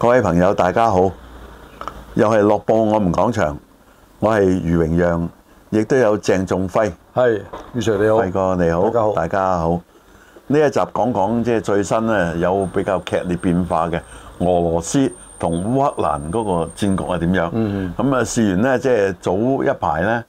各位朋友，大家好！又係樂報，我們講場，我係余榮讓，亦都有鄭仲輝。係余 Sir 你好，大哥你好，大家好。大家好。呢一集講講即係最新咧，有比較劇烈變化嘅俄羅斯同烏克蘭嗰個戰局係點樣？咁啊、嗯嗯，事緣咧即係早一排咧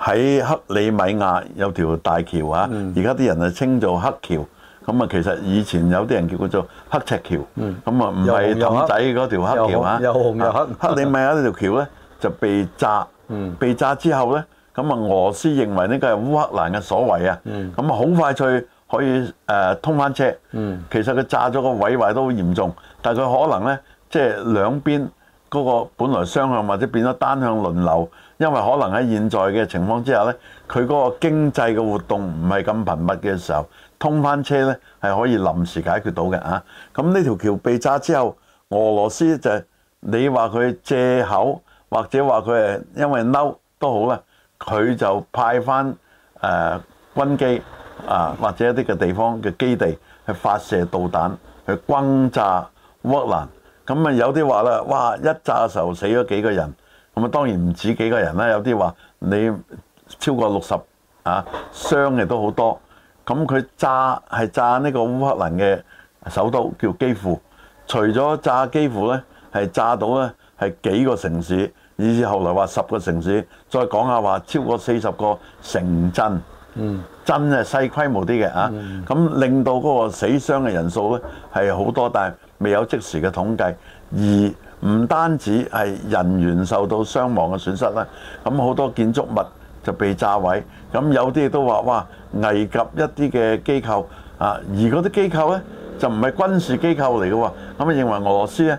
喺克里米亞有條大橋啊，而家啲人啊稱做黑橋。咁啊，其實以前有啲人叫佢做黑赤橋，咁啊唔係氹仔嗰條黑橋，嗯、有紅有黑啊。又紅又黑。啊、黑尼米亞呢條橋咧就被炸，嗯、被炸之後咧，咁啊俄斯認為呢個係烏克蘭嘅所為啊。咁啊好快脆可以誒、呃、通返車。嗯、其實佢炸咗個毀壞都好嚴重，但係佢可能咧即係兩邊嗰個本來雙向或者變咗單向輪流，因為可能喺現在嘅情況之下咧，佢嗰個經濟嘅活動唔係咁頻密嘅時候。通翻車呢係可以臨時解決到嘅啊！咁呢條橋被炸之後，俄羅斯就你話佢借口，或者話佢誒因為嬲都好啦，佢就派翻誒、呃、軍機啊，或者一啲嘅地方嘅基地去發射導彈去轟炸烏克蘭。咁啊有啲話啦，哇！一炸嘅時候死咗幾個人，咁啊當然唔止幾個人啦，有啲話你超過六十啊，傷嘅都好多。咁佢炸係炸呢個烏克蘭嘅首都叫基輔，除咗炸基輔咧，係炸到咧係幾個城市，以至後來話十個城市，再講下話超過四十個城鎮，嗯，真係細規模啲嘅、嗯、啊，咁令到嗰個死傷嘅人數咧係好多，但係未有即時嘅統計，而唔單止係人員受到傷亡嘅損失啦，咁好多建築物。就被炸毀，咁有啲都話：哇，危及一啲嘅機構啊！而嗰啲機構咧就唔係軍事機構嚟嘅喎，咁啊認為俄羅斯咧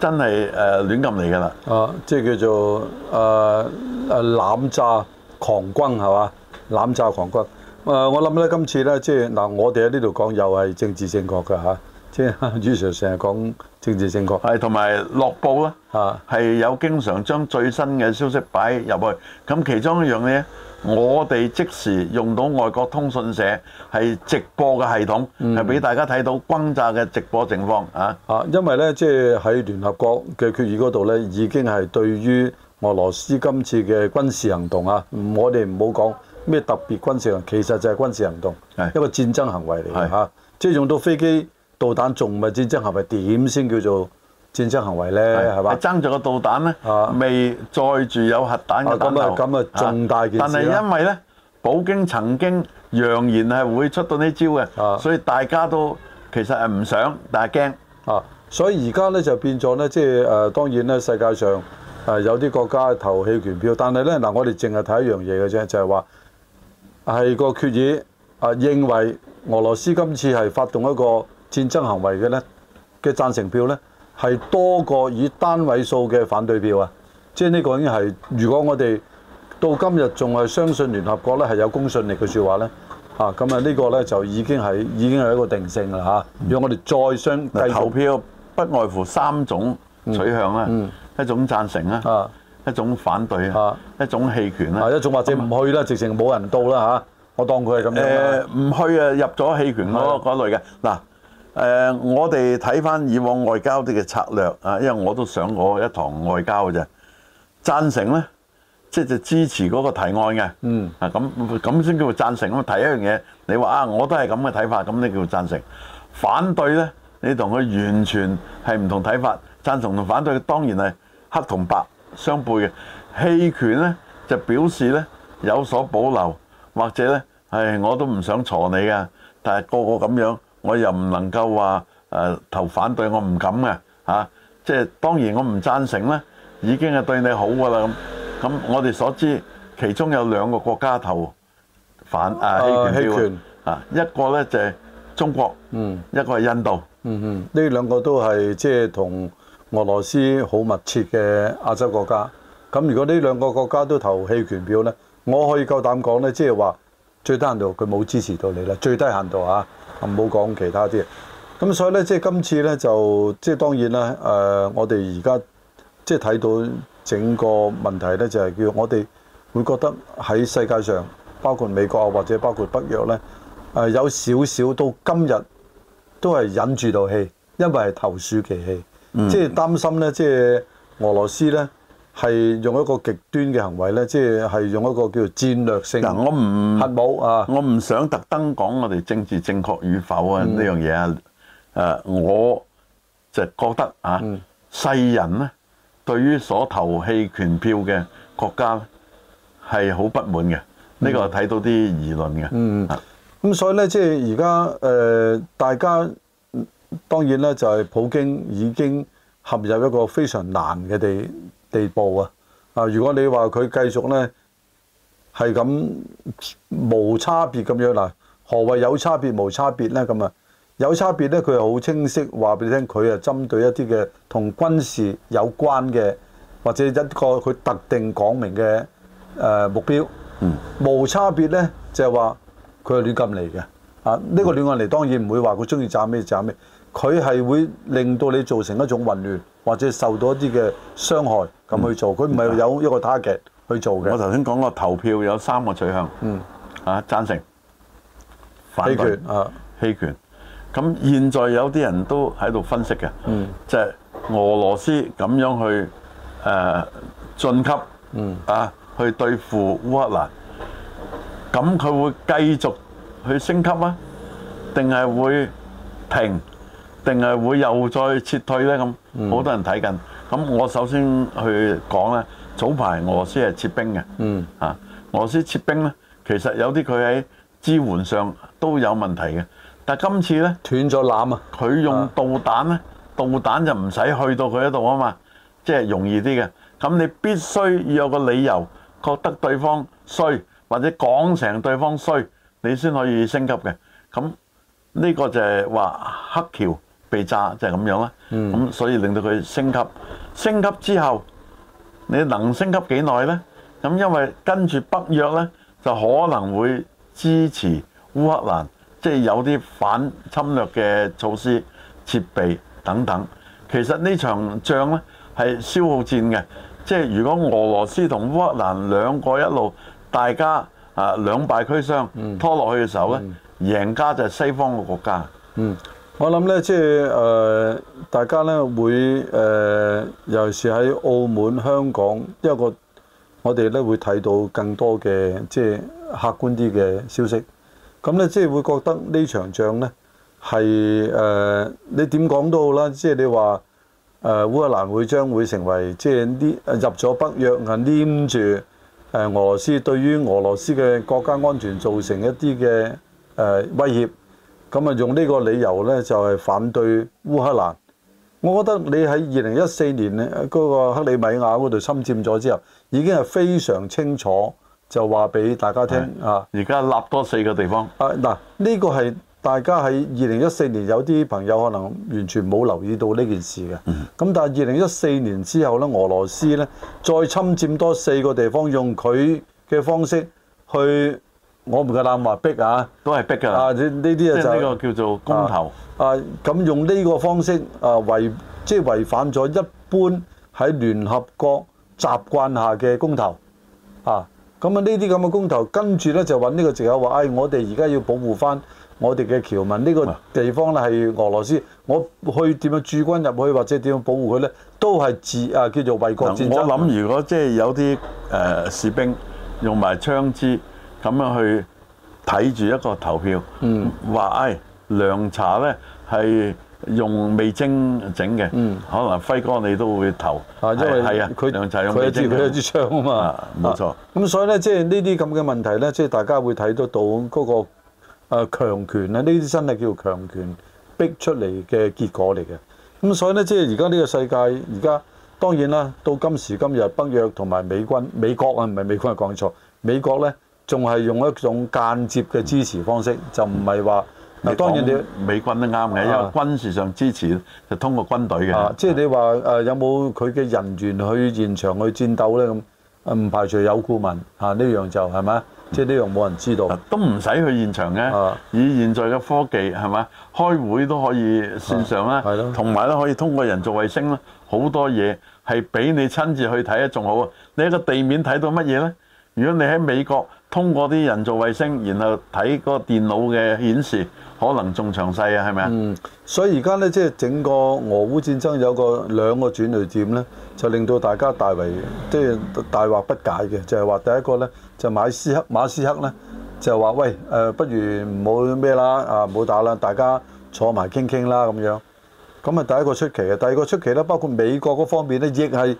真係誒、呃、亂咁嚟㗎啦！啊，即係叫做誒誒濫炸狂軍係嘛？濫炸狂軍，誒、啊、我諗咧今次咧即係嗱、啊，我哋喺呢度講又係政治正確㗎嚇。啊。即係，余 sir 成日講政治正確，係同埋樂報啦，係、啊、有經常將最新嘅消息擺入去。咁其中一樣嘢，我哋即時用到外國通訊社係直播嘅系統，係俾、嗯、大家睇到轟炸嘅直播情況啊！啊，因為咧，即係喺聯合國嘅決議嗰度咧，已經係對於俄羅斯今次嘅軍事行動啊，我哋唔好講咩特別軍事行動，其實就係軍事行動，是一個戰爭行為嚟嘅吓，即係用到飛機。導彈仲係戰爭行為，點先叫做戰爭行為咧？係嘛？爭咗個導彈咧，未載住有核彈嘅彈頭。啊咁啊咁啊，重大件事。但係因為咧，普京曾經揚言係會出到呢招嘅，所以大家都其實係唔想，但係驚啊！所以而家咧就變咗咧，即係誒，當然咧世界上誒有啲國家投棄權票，但係咧嗱，我哋淨係睇一樣嘢嘅啫，就係話係個決議啊，認為俄羅斯今次係發動一個。戰爭行為嘅呢，嘅贊成票呢，係多過以單位數嘅反對票啊！即係呢個已經係，如果我哋到今日仲係相信聯合國呢係有公信力嘅説話呢，啊咁啊呢個呢，就已經係已經係一個定性啦嚇。如果我哋再相投票，不外乎三種取向啦，一種贊成啦，一種反對啊，一種棄權啦，一種或者唔去啦，直情冇人到啦嚇，我當佢係咁樣唔去啊，入咗棄權嗰類嘅嗱。誒、呃，我哋睇翻以往外交啲嘅策略啊，因為我都上過一堂外交嘅啫。贊成呢，即係支持嗰個提案嘅。嗯。啊，咁咁先叫做贊成。咁提一樣嘢，你話啊，我都係咁嘅睇法，咁你叫做贊成。反對呢，你同佢完全係唔同睇法。贊同同反對當然係黑同白相背嘅。棄權呢，就表示呢有所保留，或者呢，係、哎、我都唔想錯你嘅，但係個個咁樣。我又唔能夠話誒投反對，我唔敢嘅嚇、啊，即係當然我唔贊成啦，已經係對你好㗎啦。咁咁我哋所知，其中有兩個國家投反啊棄權，啊，棄權啊，一個咧就係、係、中國，嗯、一個係印度，嗯嗯，呢、嗯、兩、嗯嗯、個都係即係同俄羅斯好密切嘅亞洲國家。咁如果呢兩個國家都投棄權票咧，我可以夠膽講咧，即係話最低限度佢冇支持到你啦，最低限度啊！唔好講其他啲，咁所以咧，即係今次咧，就即係當然啦。誒、呃，我哋而家即係睇到整個問題咧，就係、是、叫我哋會覺得喺世界上，包括美國啊，或者包括北約咧，誒、呃，有少少到今日都係忍住道氣，因為係投鼠忌器，即係擔心咧，即係俄羅斯咧。係用一個極端嘅行為咧，即係用一個叫做戰略性我唔核武啊！我唔想特登講我哋政治正確與否啊呢樣嘢啊！誒，我就覺得啊，嗯、世人咧對於所投棄權票嘅國家係好不滿嘅，呢、嗯、個係睇到啲議論嘅、嗯。嗯，咁、啊、所以咧，即係而家誒，大家當然咧就係普京已經陷入，入一個非常難嘅地。地步啊！啊，如果你話佢繼續呢，係咁無差別咁樣嗱，何為有差別無差別呢？咁啊，有差別呢，佢係好清晰話俾你聽，佢係針對一啲嘅同軍事有關嘅，或者一個佢特定講明嘅、呃、目標。嗯。無差別呢，就係話佢係亂咁嚟嘅。啊，呢、這個亂咁嚟當然唔會話佢中意炸咩炸咩。佢係會令到你造成一種混亂，或者受到一啲嘅傷害咁去做。佢唔係有一個 target 去做嘅。我頭先講過投票有三個取向，嗯，啊，贊成、反對、啊，棄權。咁現在有啲人都喺度分析嘅，嗯，即係俄羅斯咁樣去誒、啊、進級，嗯，啊，去對付烏克蘭。咁佢會繼續去升級啊？定係會停？定係會又再撤退咧咁，好多人睇緊。咁我首先去講咧，早排俄羅斯係撤兵嘅，啊，俄羅斯撤兵咧，其實有啲佢喺支援上都有問題嘅。但係今次咧斷咗纜啊！佢用導彈咧，導彈就唔使去到佢嗰度啊嘛，即係容易啲嘅。咁你必須要有個理由，覺得對方衰或者講成對方衰，你先可以升級嘅。咁呢個就係話黑橋。被炸就係咁樣啦，咁所以令到佢升級。升級之後，你能升級幾耐呢？咁因為跟住北約呢，就可能會支持烏克蘭，即係有啲反侵略嘅措施、設備等等。其實呢場仗呢係消耗戰嘅，即係如果俄羅斯同烏克蘭兩個一路大家啊兩敗俱傷拖落去嘅時候呢，贏家就係西方嘅國家。我諗咧，即係誒、呃，大家咧會誒、呃，尤其是喺澳門、香港，一個我哋咧會睇到更多嘅即係客觀啲嘅消息。咁咧，即係會覺得呢場仗咧係誒，你點講都好啦。即係你話誒、呃，烏克蘭會將會成為即係呢入咗北約，硬黏住俄羅斯，對於俄羅斯嘅國家安全造成一啲嘅誒威脅。咁啊，用呢個理由呢，就係反對烏克蘭。我覺得你喺二零一四年呢，嗰個克里米亞嗰度侵佔咗之後，已經係非常清楚，就話俾大家聽啊。而家立多四個地方。啊，嗱，呢個係大家喺二零一四年有啲朋友可能完全冇留意到呢件事嘅。咁但係二零一四年之後呢，俄羅斯呢，再侵佔多四個地方，用佢嘅方式去。我唔夠膽話逼啊，啊都係逼噶。啊，呢啲啊就即係呢個叫做公投。啊，咁用呢個方式啊違，即、就、係、是、違反咗一般喺聯合國習慣下嘅公投。啊，咁啊呢啲咁嘅公投，跟住呢就揾呢個藉口話，誒、哎、我哋而家要保護返我哋嘅僑民，呢、啊、個地方咧係俄羅斯，我去點樣駐軍入去，或者點樣保護佢呢，都係自啊叫做衛國戰爭、嗯、我諗如果即係有啲誒、呃、士兵用埋槍支。咁樣去睇住一個投票，話誒、嗯哎、涼茶咧係用味精整嘅，嗯、可能輝哥你都會投，因為係啊，佢涼茶用味精佢一，佢一支槍啊嘛，冇、啊、錯。咁、啊、所以咧，即係呢啲咁嘅問題咧，即、就、係、是、大家會睇得到嗰個誒強權啊，呢啲真係叫強權逼出嚟嘅結果嚟嘅。咁所以咧，即係而家呢個世界，而家當然啦，到今時今日，北約同埋美軍美國啊，唔係美軍係講錯美國咧。仲係用一種間接嘅支持方式，就唔係話嗱。當然你美軍都啱嘅，啊、因為軍事上支持就通過軍隊嘅。即係、啊就是、你話誒有冇佢嘅人員去現場去戰鬥呢？咁唔排除有顧問啊呢樣就係咪？即係呢樣冇人知道。啊、都唔使去現場嘅，啊、以現在嘅科技係咪？開會都可以線上啦，同埋咧可以通過人造衛星啦，好多嘢係俾你親自去睇咧仲好啊！你喺個地面睇到乜嘢呢？如果你喺美國。通過啲人造衛星，然後睇個電腦嘅顯示，可能仲詳細啊，係咪啊？嗯，所以而家呢，即係整個俄烏戰爭有個兩個轉捩點呢，就令到大家大為即係大惑不解嘅，就係話第一個呢，就馬斯克馬斯克呢，就話喂誒，不如唔好咩啦啊，唔好打啦，大家坐埋傾傾啦咁樣。咁啊，第一個出奇嘅，第二個出奇呢，包括美國嗰方面呢，亦係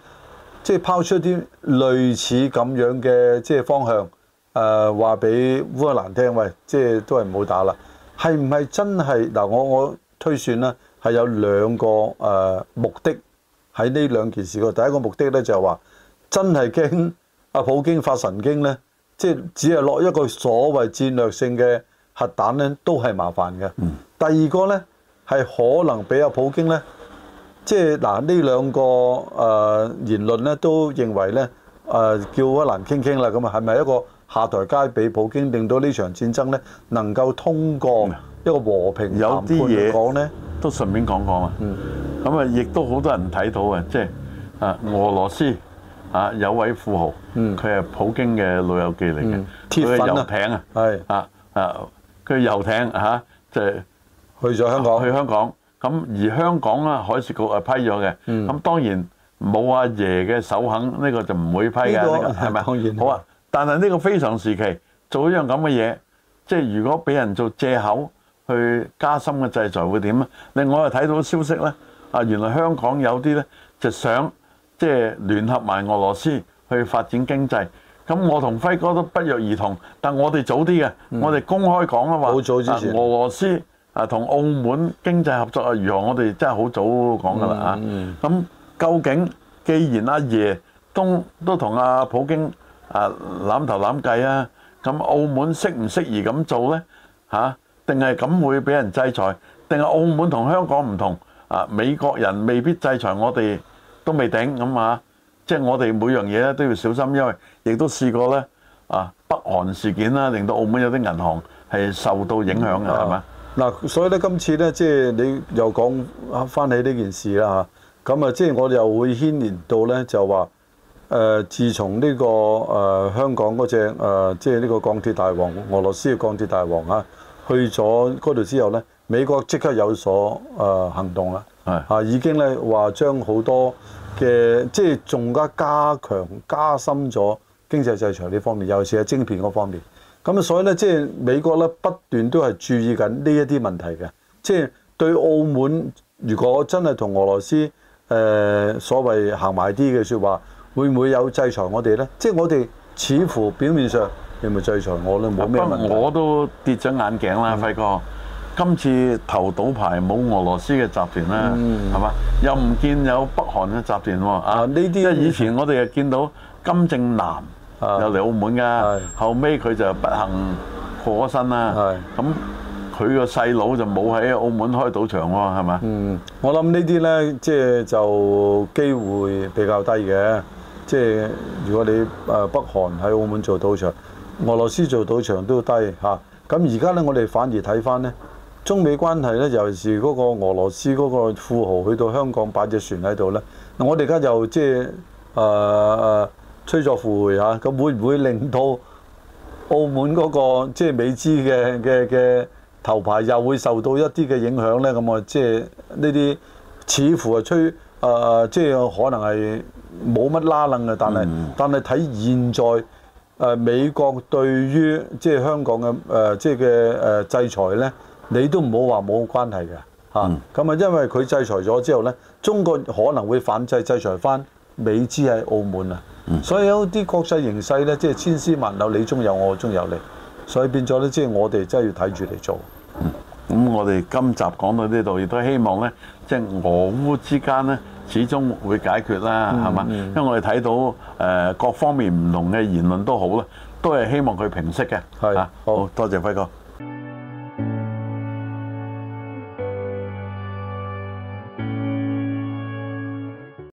即係拋出啲類似咁樣嘅即係方向。誒、呃、話俾烏克蘭聽，喂，即係都係唔好打啦。係唔係真係嗱、呃？我我推算啦，係有兩個誒、呃、目的喺呢兩件事度。第一個目的咧就係、是、話，真係驚阿普京發神經咧，即係只係落一個所謂戰略性嘅核彈咧，都係麻煩嘅。嗯、第二個咧係可能俾阿普京咧，即係嗱呢兩個誒言論咧都認為咧誒、呃、叫烏克蘭傾傾啦。咁啊，係咪一個？下台階俾普京，令到呢場戰爭咧能夠通過一個和平談判嚟講咧，都順便講講啊。咁啊，亦都好多人睇到啊，即係啊，俄羅斯啊有位富豪，佢係普京嘅老友記嚟嘅，佢嘅遊艇啊，啊啊，佢嘅遊艇嚇，即係去咗香港，去香港。咁而香港啊，海事局係批咗嘅。咁當然冇阿爺嘅首肯，呢個就唔會批嘅，係咪？好啊。但係呢個非常時期做一樣咁嘅嘢，即係如果俾人做借口去加深嘅制裁會點啊？另外我又睇到消息呢，啊原來香港有啲呢，就想即係、就是、聯合埋俄羅斯去發展經濟。咁我同輝哥都不約而同，但我哋早啲嘅，嗯、我哋公開講啊嘛。好早之前，啊、俄羅斯啊同澳門經濟合作啊如何？我哋真係好早講噶啦啊。咁、嗯嗯、究竟既然阿爺都都同阿普京，啊，攬頭攬計啊！咁、啊、澳門適唔適宜咁做呢？嚇、啊，定係咁會俾人制裁？定係澳門同香港唔同？啊，美國人未必制裁我哋都未頂咁啊！即、啊、係、就係、我哋每樣嘢咧都要小心，因為亦都試過呢啊，北韓事件啦、啊，令到澳門有啲銀行係受到影響嘅，係嘛、嗯？嗱吧、啊，所以咧，今次呢，即係你又講翻你呢件事啦咁啊，即係我哋又會牽連到呢，就話。誒、呃，自從呢、這個誒、呃、香港嗰隻、呃、即係呢個鋼鐵大王，俄羅斯嘅鋼鐵大王啊，去咗嗰度之後呢，美國即刻有所誒、呃、行動啦，係的啊，已經呢話將好多嘅即係仲加加強加深咗經濟制裁呢方面，尤其是喺晶片嗰方面。咁啊，所以呢，即係美國呢不斷都係注意緊呢一啲問題嘅，即係對澳門，如果真係同俄羅斯誒、呃、所謂行埋啲嘅説話。會唔會有制裁我哋咧？即係我哋似乎表面上有冇制裁我咧？冇咩問題。我都跌咗眼鏡啦，輝、嗯、哥。今次投賭牌冇俄羅斯嘅集團啦，係嘛、嗯？又唔見有北韓嘅集團喎。啊，呢啲即以前我哋又見到金正男又嚟澳門㗎，啊、後尾佢就不幸過咗身啦。咁佢個細佬就冇喺澳門開賭場喎、啊，係嘛？嗯，我諗呢啲咧，即係就機會比較低嘅。即係如果你誒北韓喺澳門做賭場，俄羅斯做賭場都低嚇。咁而家咧，我哋反而睇翻咧，中美關係咧尤其是嗰個俄羅斯嗰個富豪去到香港擺隻船喺度咧。我哋而家又即係誒、啊、吹作附會嚇，咁、啊、會唔會令到澳門嗰、那個即係美資嘅嘅嘅頭牌又會受到一啲嘅影響咧？咁我即係呢啲似乎係吹誒、啊，即係可能係。冇乜拉楞嘅，但係、嗯、但係睇現在誒、呃、美國對於即係香港嘅誒即係嘅誒制裁咧，你都唔好話冇關係嘅嚇。咁啊，嗯、因為佢制裁咗之後咧，中國可能會反制制裁翻美資喺澳門啊。嗯、所以有啲國際形勢咧，即係千絲萬縷，你中有我中有你，所以變咗咧，即係我哋真係要睇住嚟做。咁、嗯、我哋今集講到呢度，亦都希望咧，即係俄烏之間咧。嗯始終會解決啦，係嘛、嗯？因為我哋睇到誒、呃、各方面唔同嘅言論都好啦，都係希望佢平息嘅。係是啊，好多謝輝哥。